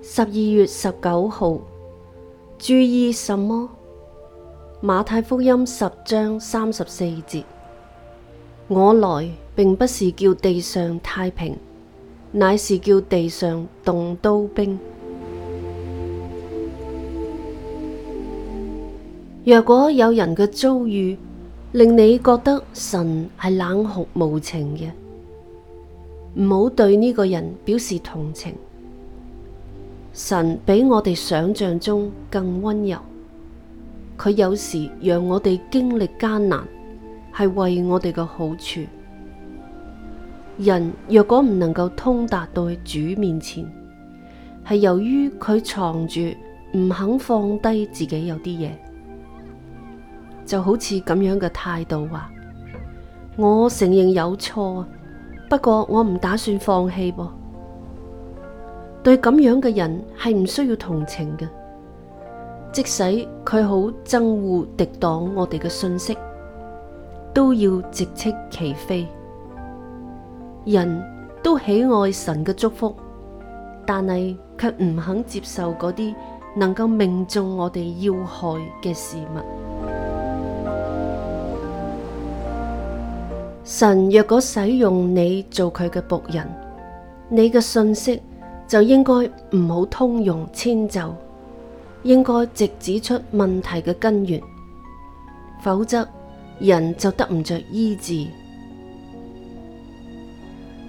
十二月十九號，注意什麼？馬太福音十章三十四節：我來並不是叫地上太平，乃是叫地上動刀兵。若果有人嘅遭遇令你覺得神係冷酷無情嘅，唔好對呢個人表示同情。神比我哋想象中更溫柔，佢有時讓我哋經歷艱難，係為我哋嘅好處。人若果唔能夠通達到主面前，係由於佢藏住唔肯放低自己有啲嘢，就好似咁樣嘅態度話：我承認有錯，不過我唔打算放棄噃。對咁樣嘅人係唔需要同情嘅，即使佢好憎惡抵擋我哋嘅信息，都要直斥其非。人都喜愛神嘅祝福，但係卻唔肯接受嗰啲能夠命中我哋要害嘅事物。神若果使用你做佢嘅僕人，你嘅信息。就應該唔好通融遷就，應該直指出問題嘅根源，否則人就得唔着醫治。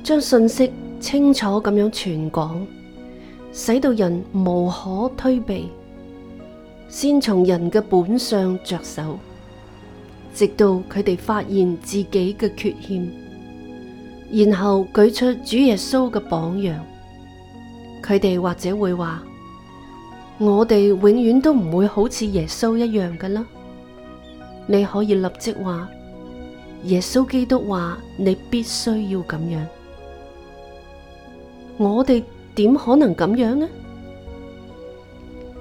將信息清楚咁樣傳講，使到人無可推避。先從人嘅本相着手，直到佢哋發現自己嘅缺陷，然後舉出主耶穌嘅榜樣。佢哋或者會話：我哋永遠都唔會好似耶穌一樣㗎啦。你可以立即話：耶穌基督話，你必須要咁樣。我哋點可能咁樣呢？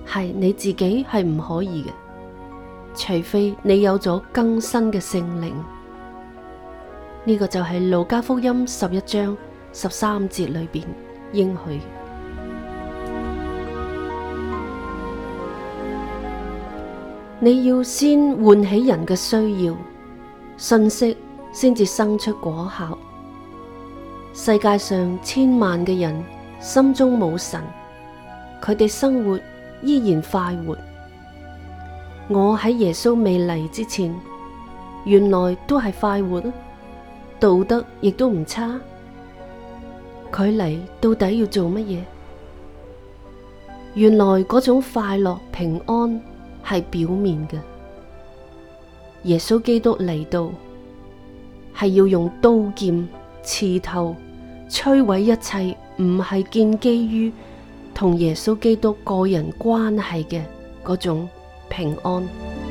係你自己係唔可以嘅，除非你有咗更新嘅聖靈。呢個就係路加福音十一章十三節裏邊應許。你要先喚起人嘅需要，信息先至生出果效。世界上千萬嘅人心中冇神，佢哋生活依然快活。我喺耶穌未嚟之前，原來都係快活，道德亦都唔差。佢嚟到底要做乜嘢？原來嗰種快樂、平安，係表面嘅，耶穌基督嚟到，係要用刀劍刺透、摧毀一切，唔係建基於同耶穌基督個人關係嘅嗰種平安。